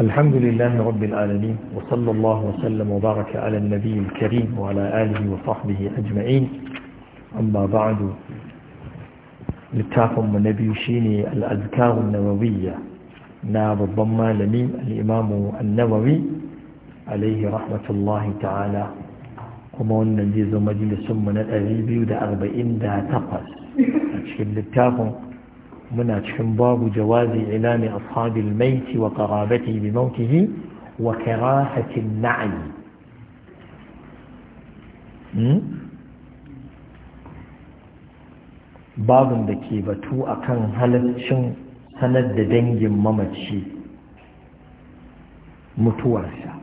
الحمد لله رب العالمين وصلى الله وسلم وبارك على النبي الكريم وعلى آله وصحبه أجمعين أما بعد لتاقم النبي شيني الأذكار النووية ناب الضمى لمين الإمام النووي عليه رحمة الله تعالى ومن نجيز مجلس من الأذيب يود أربعين دا تقص لتافم muna cikin babu jawazi ilami ashabil maiti wa qarabati bi mautihi wa karahati na'i hmm? babin da ke batu akan halaccin sanar da dangin mamaci mutuwarsa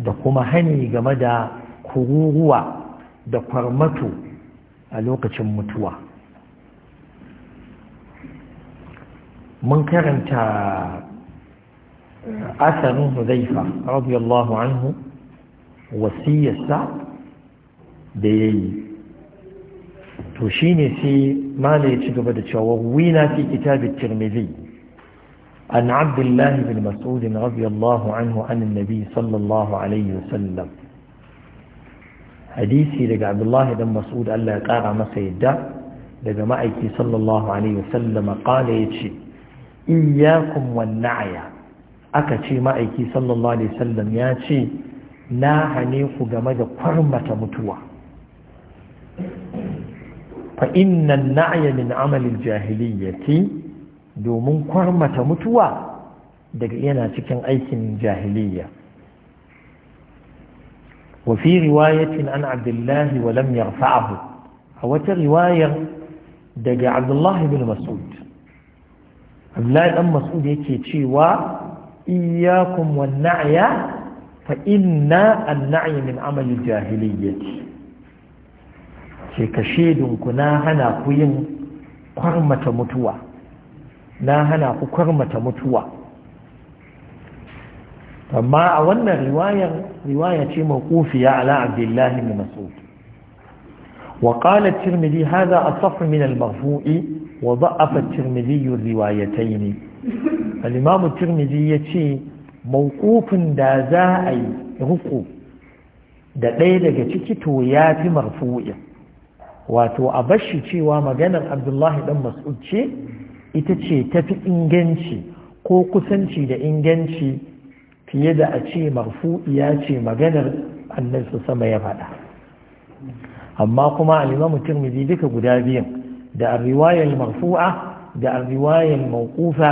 da kuma hani game da kururuwa da kwarmato a lokacin mutuwa mun karanta eh, asarin huzaifa radiyallahu anhu wasiyarsa da ya yi to shi ne sai mala ya ci gaba da cewa wina fi kitabin tirmidhi an abdullahi bin mas'udin radiyallahu anhu an nabi sallallahu alaihi wasallam hadisi daga abdullahi bin mas'ud Allah ya kara masa yadda daga ma'aiki sallallahu alaihi wasallama kala ya ce Iyakun wanna na'ya aka ce ma'aiki sallallahu alaihi wasallam ya ce na hane ku game da kwarmata mutuwa fa inna na'ya min amalil jahiliyyati domin kwarmata mutuwa daga yana cikin aikin jahiliyya وفي رواية an abdullahi wa lam يرفعه a wata riwayar daga abdullahi بن Masud. abdullahi dan mas'ud yake cewa iyyakum wan na'ya fa inna an-na'y min amali jahiliyyati ce ka ku na hana ku yin kwarmata mutuwa na hana ku kwarmata mutuwa amma a wannan riwayar riwaya ce mawqufiya ala abdullahi bin mas'ud wa qala at-tirmidhi hadha asaf min marfui wa الترمذي الروايتين الإمام الترمذي يتي موقوف yace رقو da za a yi da ɗaya daga ciki to ya fi marfu'i wato a bashi cewa maganar abdullahi ɗan mas'ud ce ita ce ta fi inganci ko kusanci da inganci fiye da a ce marfu'iya ce maganar annabi sama ya faɗa amma kuma alimamu tirmidhi duka guda biyan da riwayar marfu'a da riwayar mawqufa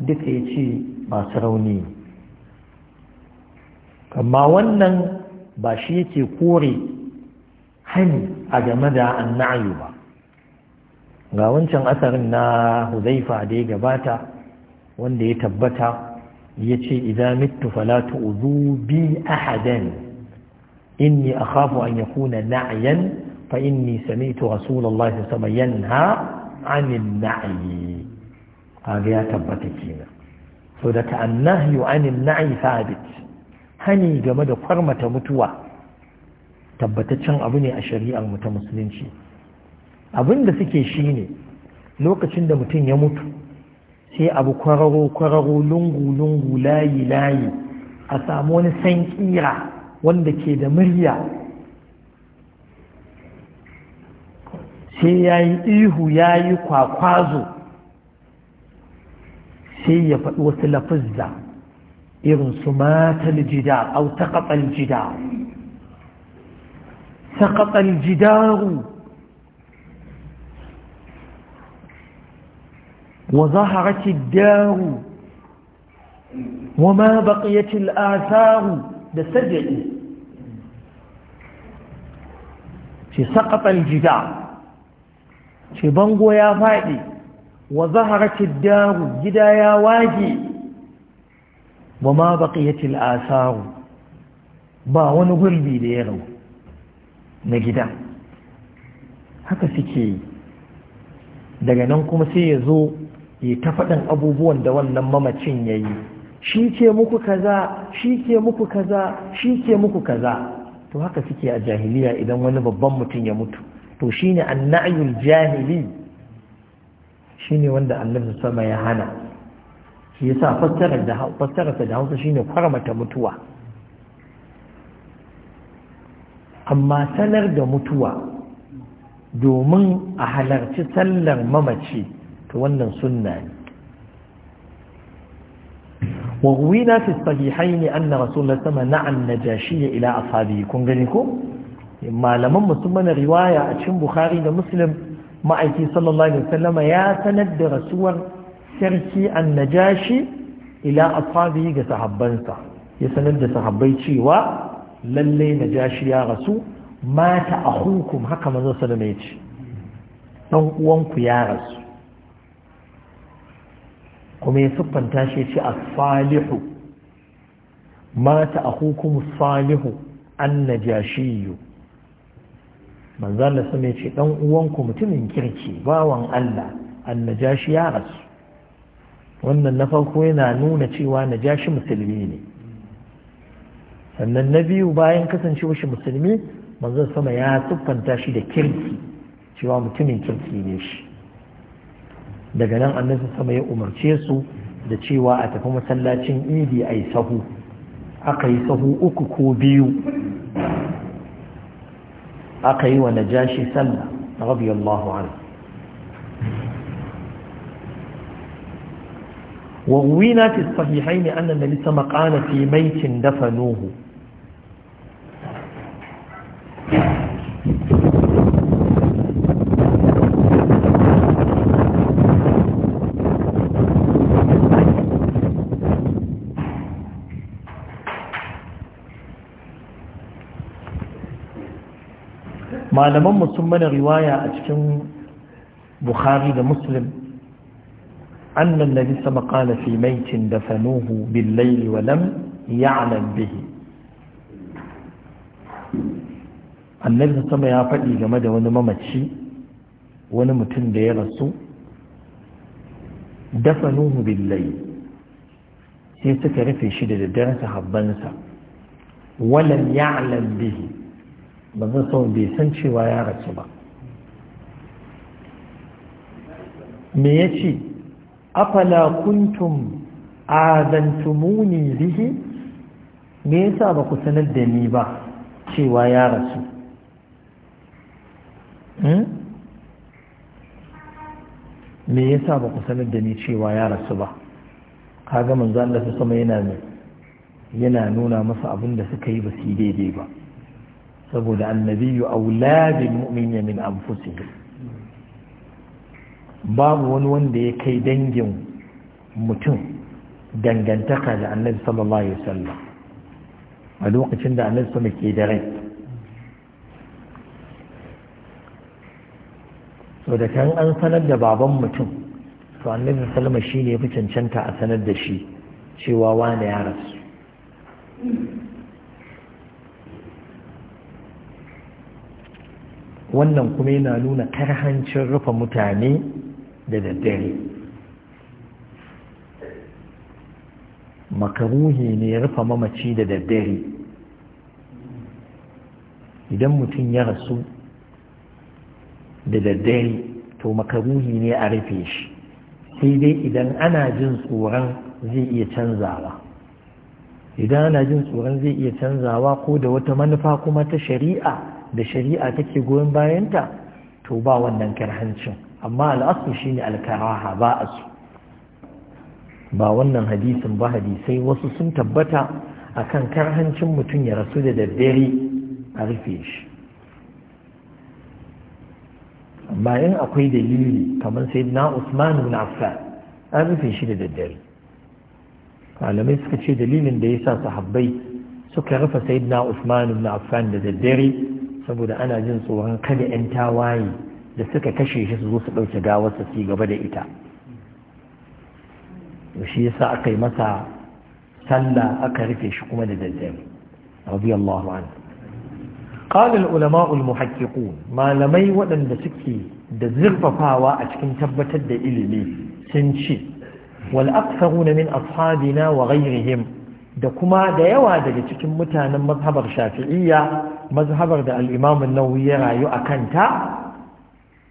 duka yace masu rauni Kamma wannan ba shi yake kore hani a game da annayu ba ga wancan asarin na huzaifa da ya gabata wanda ya tabbata yace idza mittu fala falatu bi ahadan inni akhafu an yakuna na'yan فإني سمعت رسول الله صلى الله عليه وسلم ينهى عن النعي قال يا تبتكينا فذلك النهي عن النعي ثابت هني جمد فرمة متوى tabbataccen abu ne a shari'ar mu ta musulunci abin da suke shi ne lokacin da mutum ya mutu sai abu kwararo kwararo lungu lungu layi layi a samu wani san wanda ke da murya sai ya yi ihu ya yi kwakwazo sai ya faɗi wasu lafizza irin su matal jida au taƙaɓal jida taƙaɓal jidaru wa za a raki daru wa ma baƙiyatil asaru da saja'i ce saƙaɓal jida ce bango ya faɗi wa zahara daru gida ya wage wa ma baƙiyatil asaru ba wani gurbi da ya rau na gida haka suke daga nan kuma sai ya zo ya ta faɗin abubuwan da wannan mamacin ya yi shi ke muku kaza shi ke muku kaza shi ke muku kaza to haka suke a jahiliya idan wani babban mutum ya mutu to shine annayul jahili shine wanda annabi sama ya hana shi yasa fassarar da da Hausa shine kwarmata mutuwa amma sanar da mutuwa domin a halarci sallar mamaci ta wannan sunna ne وروينا في ne أن رسول الله صلى الله na وسلم ila النجاشي إلى أصحابه كن ko? malaman mana riwaya a cikin bukhari da muslim ma'aiki sallallahu alaihi wasallam ya sanar da rasuwar sarki annajashi ila ashabihi ga sahabbansa ya sanar da sahabbai cewa lalle najashi ya rasu mata ahukum haka manzo sallallahu alaihi dan uwanku ya rasu kuma ya siffanta shi ce as-salihu mata ahukum salihu annajashiyu manzo Allah sama ya ce dan uwanku mutumin kirki bawan Allah annajashi ya rasu wannan na farko yana nuna cewa najashi musulmi ne sannan na biyu bayan kasancewa shi musulmi manzo sama ya siffanta shi da kirki cewa mutumin kirki ne shi daga nan annabi sama ya umarce su da cewa a tafi masallacin idi a yi sahu aka yi sahu uku ko biyu اقي ونجاش wa رضي الله عنه وغوينا في الصحيحين أن النبي صلى الله عليه وسلم قال في ميت دفنوه malaman mutum mana riwaya a cikin bukhari da muslim annan nabi sama kala fi maitin da fanuhu billaili walam ya'lam bihi annabi sama ya faɗi game da wani mamaci wani mutum da ya rasu dafanuhu billai sai suka rufe shi da daddare sahabbansa walam ya'lam bihi zan sama bai san cewa ya rasu ba me ya ce afala kuntum azantumuni bihi me yasa ba ku sanar da ni ba cewa ya rasu hmm? me yasa ba ku sanar da ni cewa ya rasu ba kaga manzo Allah sama yana yana nuna masa abin da suka yi ba su daidai ba saboda annabiyu aula bil mu'minina min anfusihim babu wani wanda ya kai dangin mutum dangantaka da annabi sallallahu alaihi wasallam a lokacin da annabi ke da rai so da kan an sanar da baban mutum to annabi sallama shi ne ya fi cancanta a sanar da shi cewa wane ya rasu wannan kuma yana nuna karhancin rufe mutane da daddare makaruhi ne ya rufe mamaci da daddare idan mutum ya rasu da daddare to makaruhi ne a rufe shi sai dai idan ana jin tsoron zai iya canzawa idan ana jin tsoron zai iya canzawa ko da wata manufa kuma ta shari'a da shari'a take goyon bayanta to ba wannan karhancin amma al'asu shine alkaraha ba a su ba wannan hadisin ba hadisai wasu sun tabbata akan karhancin mutum ya rasu da daddare a rufe shi amma in akwai dalili kamar sai na usman affan an rufe shi da daddare malamai suka ce dalilin da ya sa sahabbai suka rufe Sayyidina usman ibn affan da daddare saboda ana jin tsoron kada 'yan tawaye da suka kashe shi su zo su ɗauke gawarsa su gaba da ita shi yasa aka yi masa sallah aka rufe shi kuma da daddare radiyallahu anhu قال العلماء المحققون ما malamai waɗanda suke da zurfafawa a cikin tabbatar da ilimi sun ce wal aktharuna min ashabina wa ghayrihim da kuma da yawa daga cikin mutanen mazhabar shafi'iyya mazhabar da Alimamin nau'i ya rayu a kanta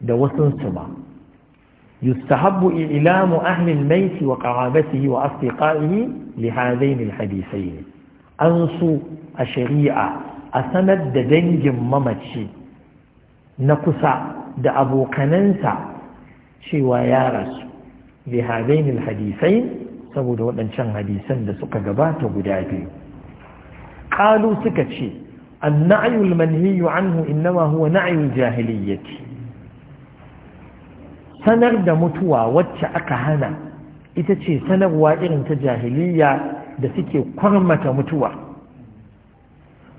da wasunsu ba yustahabbu iilamu ahlil maiti wa yi wa asdiqaihi li hadain al an su a shari'a a sanar da dangin mamaci na kusa da abokanansa cewa ya rasu li hadain saboda waɗancan hadisan da suka gabata guda biyu ƙalu suka ce النعي المنهي عنه إنما هو نعي الجاهلية سنر دمتوا واتشأك هنا إتشي سنر وائر تجاهلية دسكي قرمة متوا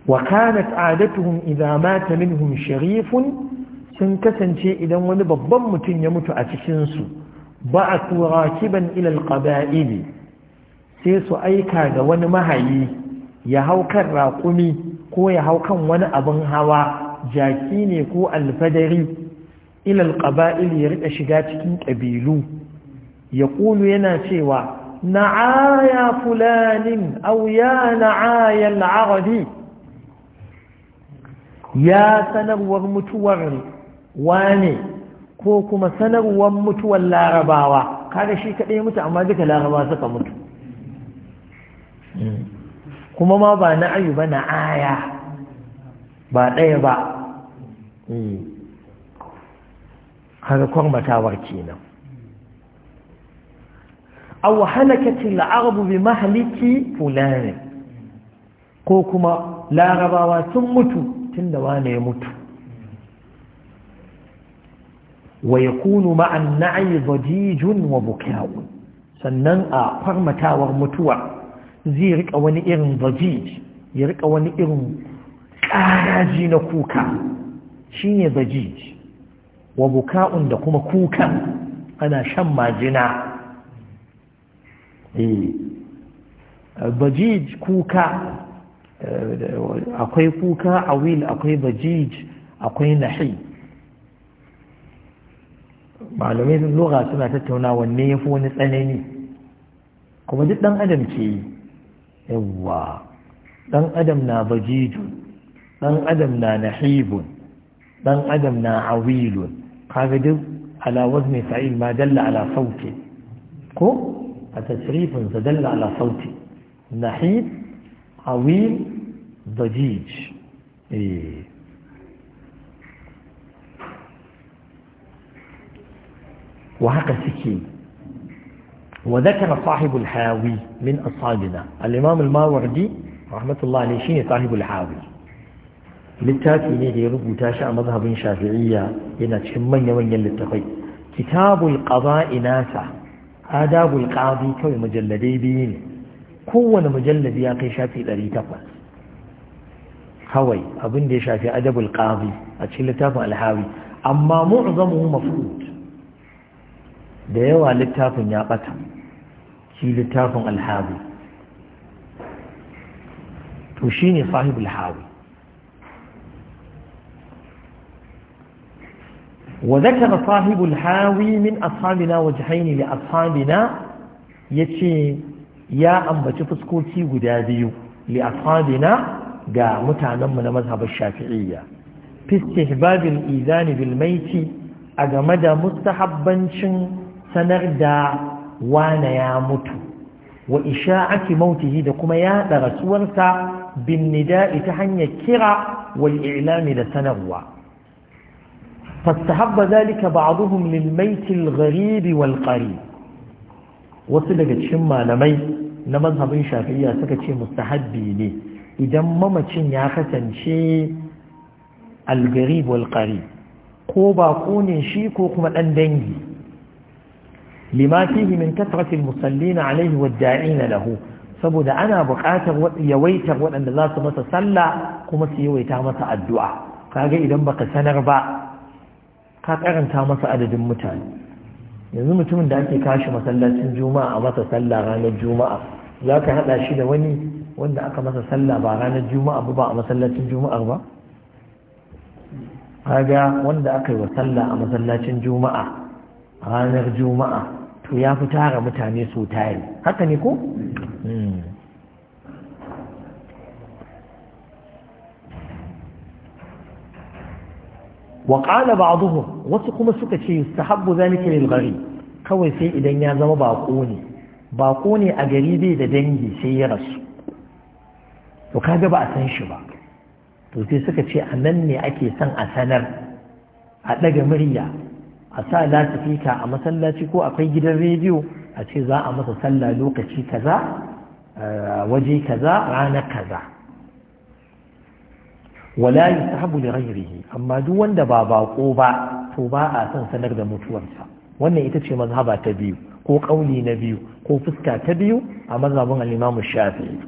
وكانت عادتهم إذا مات منهم شريف سنكسن شيء إذا ونبضم يموت أتشنسو بعثوا راكبا إلى القبائل سيسو أيكا ونمهي يهوكر راقمي ko ya hau kan wani abin hawa jaki ne ko alfadari ilal ƙaba'il ya rika shiga cikin ƙabilu. ya kulu yana cewa na'aya fulanin aw ya na'aya al'arabi ya sanarwar mutuwar wane ko kuma sanarwar mutuwar larabawa kaga shi kadai mutu amma duka larabawa suka mutu hmm. kuma ma ba na ayu ba na aya ba ɗaya ba harkar hmm. matawar kenan aw halakatil arabu bi mahliki fulani ko kuma larabawa sun mutu tunda wane ya mutu wa kunu ma'an na'i dajijun wa buka'un sannan a farmatawar mutuwa zai rika wani irin bajij ya rika wani irin ƙaraji na kuka shine bajij wa buka'un da kuma kuka ana shan majina bajij eh. kuka eh, akwai kuka a wil akwai bajij akwai nahi malamai lura suna tattauna wanne ya fi wani tsanani kuma duk ɗan adam ke yi yawwa ɗan adam na bajijun ɗan adam na nahibun ɗan adam na awilun kaga duk ala wazni fa'il ma dalla ala sauti ko a tasrifin sa dalla ala sauti nahib awil bajij eh. wa haka suke وذكر صاحب الحاوي من أصحابنا الإمام الماوردي رحمة الله عليه شيني صاحب الحاوي للتاكيني دي ربو تاشع مذهب شافعية إن تشمين ومين للتقي كتاب القضاء ناسا آداب القاضي كوي مجلدي بين كون مجلد ياقي شافي ذري تقوى هوي أبندي دي شافي أدب القاضي أتشل تاكو الحاوي أما معظمه مفروض da yawa littafin ya bata shi littafin alhabi to shi ne sahib alhabi wadatta na sahib min asabina waje haini da asabina ya ce ya ambaci fuskoki guda biyu li asabina ga mutanenmu na mazhabar shafi'iyya fiske babin izani bilmaiti a game da mustahabbancin sanar da wane ya mutu wa isha'ati mautihi da kuma yaɗa rasuwarsa bin daɗi ta hanyar kira wal ilami da sanarwa fastahabba zalika ba lil mayt al wal qarib wasu daga cikin malamai na mazhabin shafiya suka ce mustahabbi ne idan mamacin ya kasance al gharib wal ko ba ne shi ko kuma ɗan dangi lima fihi min katratil musallina alaihi na lahu saboda ana buƙatar yawaitar waɗanda za su masa sallah kuma su yawaita masa addu'a kaga idan baka sanar ba ka karanta masa adadin mutane yanzu mutumin da ake kashi masallacin juma'a a masa sallah ranar juma'a za ka haɗa shi da wani wanda aka masa sallah ba ranar juma'a ba ba a masallacin juma'ar ba kaga wanda aka yi wa sallah a masallacin juma'a ranar juma'a to ya fi tara mutane su tare haka ne ko? Hmm. waƙala ba wasu kuma suka ce yustahabbu zalika lil gari kawai sai idan ya zama baƙo ne baƙo ne a gari bai da dangi sai ya rasu to kaga ba a san shi ba to sai suka ce a nan ne ake son a sanar a ɗaga murya a sa latifika a masallaci ko akwai gidan rediyo a ce za a masa sallah lokaci kaza eh, waje kaza rana kaza wala yusahabu li ghayrihi amma duk wanda ba bako ba to ba a son sanar da mutuwarsa wannan ita ce mazhaba ta biyu ko kauli na biyu ko fuska ta biyu a mazhabin al-Imam Shafi'i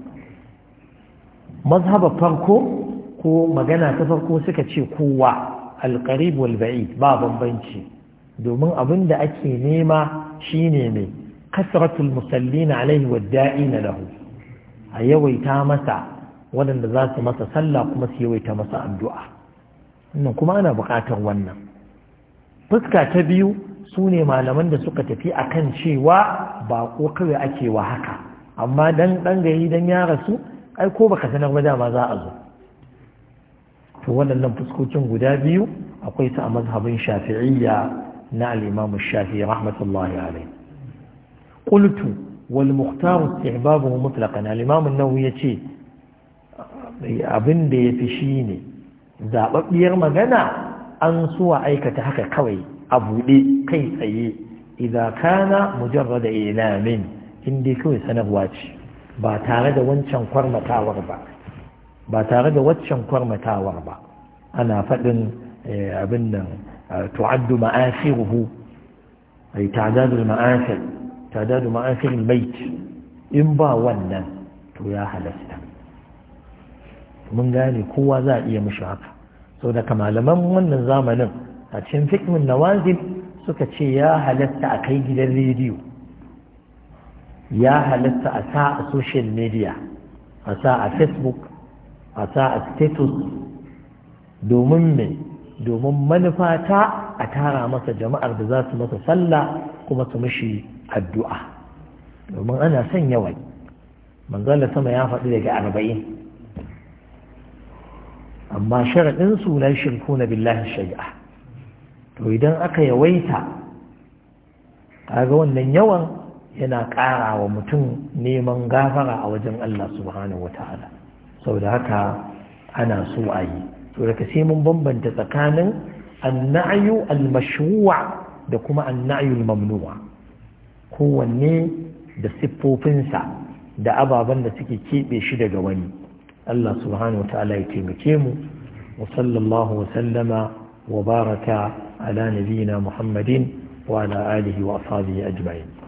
mazhaba farko ko magana ta farko suka ce kowa al-qarib wal ba'id ba bambanci domin abin da ake nema shine mai kasratul na alaihi wa na lahu a yawaita masa waɗanda za su masa sallah kuma su yawaita masa addu'a kuma ana buƙatar wannan fuska ta biyu su ne malaman da suka tafi akan cewa ba ko kawai ake wa haka amma dan dan gayi dan ya rasu ai ko baka sanar ba dama za a zo to waɗannan fuskokin guda biyu akwai su a mazhabin shafi'iyya نال الإمام الشافعي رحمة الله عليه قلت babu استحبابه مطلقا الإمام nawa يتي abin da ya fi shi ne zaɓaɓɓiyar magana an suwa aikata haka kawai a buɗe kai tsaye idan kana mujarra da ilamin inda kawai sanarwa ce ba tare da wancan kwarmatawar ba ba tare da waccan kwarmatawar ba ana faɗin eh, abin nan تعد مآثره أي تعداد المآثر تعداد مآثر الميت إن با ونن to ya halasta mun gane kowa za a iya mishi haka sau daga malaman wannan zamanin a cikin fikimin nawazin suka ce ya halatta a kai gidan rediyo ya halatta a sa a social media a sa a facebook a sa a domin mai domin manufata a tara masa jama'ar da za su masa sallah kuma su mishi addu'a domin ana son yawai manzala sama ya faɗi daga arba'in amma sharaɗin su la shirku na billahi shari'a to idan aka yawaita kaga wannan yawan yana ƙara wa mutum neman gafara a wajen Allah subhanahu wa ta'ala saboda haka ana so a yi to daga sai mun bambanta tsakanin annayu al da kuma anna'ayu al-mamnu'a kowanne da siffofinsa da ababen da suke keɓe shi daga wani Allah subhanahu wa ta'ala ya taimake mu wa sallallahu wa sallama wa baraka ala nabiyina Muhammadin wa ala alihi wa ashabihi ajma'in